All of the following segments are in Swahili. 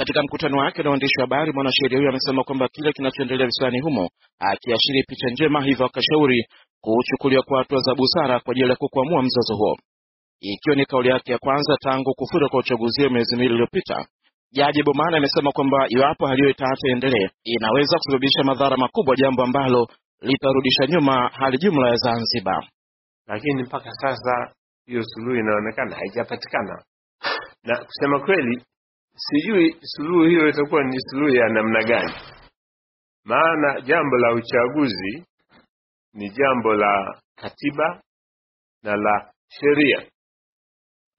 Katika mkutano wake na waandishi wa habari, mwanasheria huyo amesema kwamba kile kinachoendelea visiwani humo, akiashiri picha njema, hivyo akashauri kuchukuliwa kwa hatua za busara kwa ajili ya kukwamua mzozo huo, ikiwa ni kauli yake ya kwanza tangu kufuta kwa uchaguzi wa miezi miwili iliyopita. Jaji Bomana amesema kwamba iwapo hali hiyo itaendelee, inaweza kusababisha madhara makubwa, jambo ambalo litarudisha nyuma hali jumla ya Zanzibar. Lakini mpaka sasa hiyo suluhu inaonekana haijapatikana, na kusema kweli Sijui suluhu hiyo itakuwa ni suluhu ya namna gani, maana jambo la uchaguzi ni jambo la katiba na la sheria.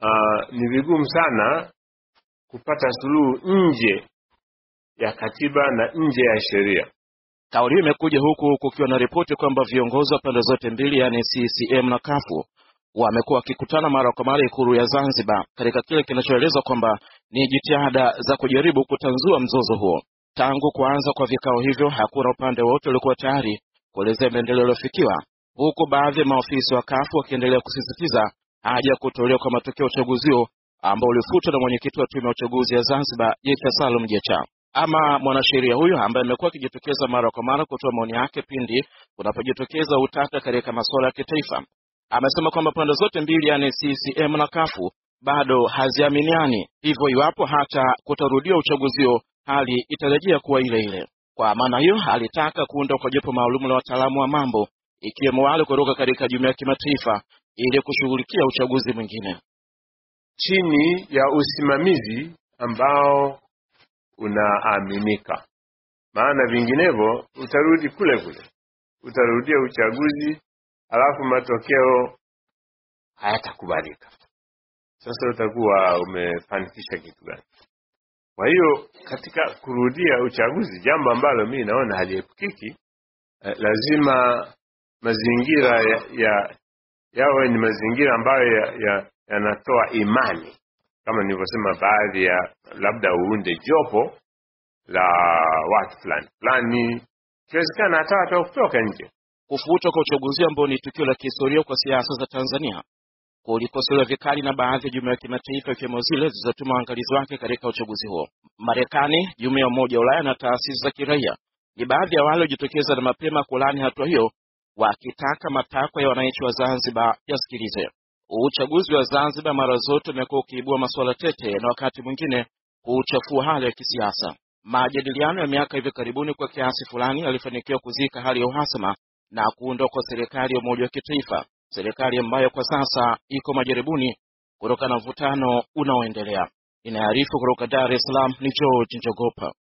Uh, ni vigumu sana kupata suluhu nje ya katiba na nje ya sheria. Kauli hiyo imekuja huku kukiwa na ripoti kwamba viongozi wa pande zote mbili, yaani CCM na kafu wamekuwa wakikutana mara kwa mara ikuru ya Zanzibar katika kile kinachoelezwa kwamba ni jitihada za kujaribu kutanzua mzozo huo. Tangu kuanza kwa vikao hivyo, hakuna upande wote uliokuwa tayari kuelezea maendeleo yaliyofikiwa, huku baadhi ya maofisa wa kafu wakiendelea kusisitiza haja ya kutolewa kwa matokeo ya uchaguzi huo ambao ulifutwa na mwenyekiti wa tume ya uchaguzi ya Zanzibar Jecha Salum Jecha. Ama mwanasheria huyo ambaye amekuwa akijitokeza mara kwa mara kutoa maoni yake pindi unapojitokeza utata katika masuala ya kitaifa, amesema kwamba pande zote mbili, yani CCM na kafu bado haziaminiani, hivyo iwapo hata kutarudiwa uchaguzi huo, hali itarejea kuwa ile ile. Kwa maana hiyo, alitaka kuunda kwa jopo maalumu la wataalamu wa mambo, ikiwemo wale kutoka katika jumuiya ya kimataifa ili kushughulikia uchaguzi mwingine chini ya usimamizi ambao unaaminika, maana vinginevyo utarudi kule kule, utarudia uchaguzi alafu matokeo hayatakubalika sasa utakuwa umefanikisha kitu gani? Kwa hiyo katika kurudia uchaguzi, jambo ambalo mi naona haliepukiki, eh, lazima mazingira ya, ya yawe ni mazingira ambayo yanatoa ya, ya imani kama nilivyosema, baadhi ya labda uunde jopo la watu fulani fulani, ikiwezekana hata watu kutoka nje. Kufutwa kwa uchaguzi ambao ni tukio la kihistoria kwa siasa za Tanzania kulikosolewa vikali na baadhi ya jumuiya ya kimataifa ikiwemo zile zilizotuma waangalizi wake katika uchaguzi huo. Marekani, jumuiya ya Umoja wa Ulaya na taasisi za kiraia ni baadhi ya wale waliojitokeza na mapema kulani hatua hiyo, wakitaka matakwa ya wananchi wa Zanzibar yasikilize. Uchaguzi wa Zanzibar mara zote umekuwa ukiibua masuala tete na wakati mwingine kuuchafua hali ya kisiasa. Majadiliano ya miaka hivi karibuni kwa kiasi fulani yalifanikiwa kuzika hali ya uhasama na kuundwa kwa serikali ya umoja wa kitaifa serikali ambayo kwa sasa iko majaribuni kutokana na mvutano unaoendelea. Inaarifu kutoka Dar es Salaam ni George Njogopa.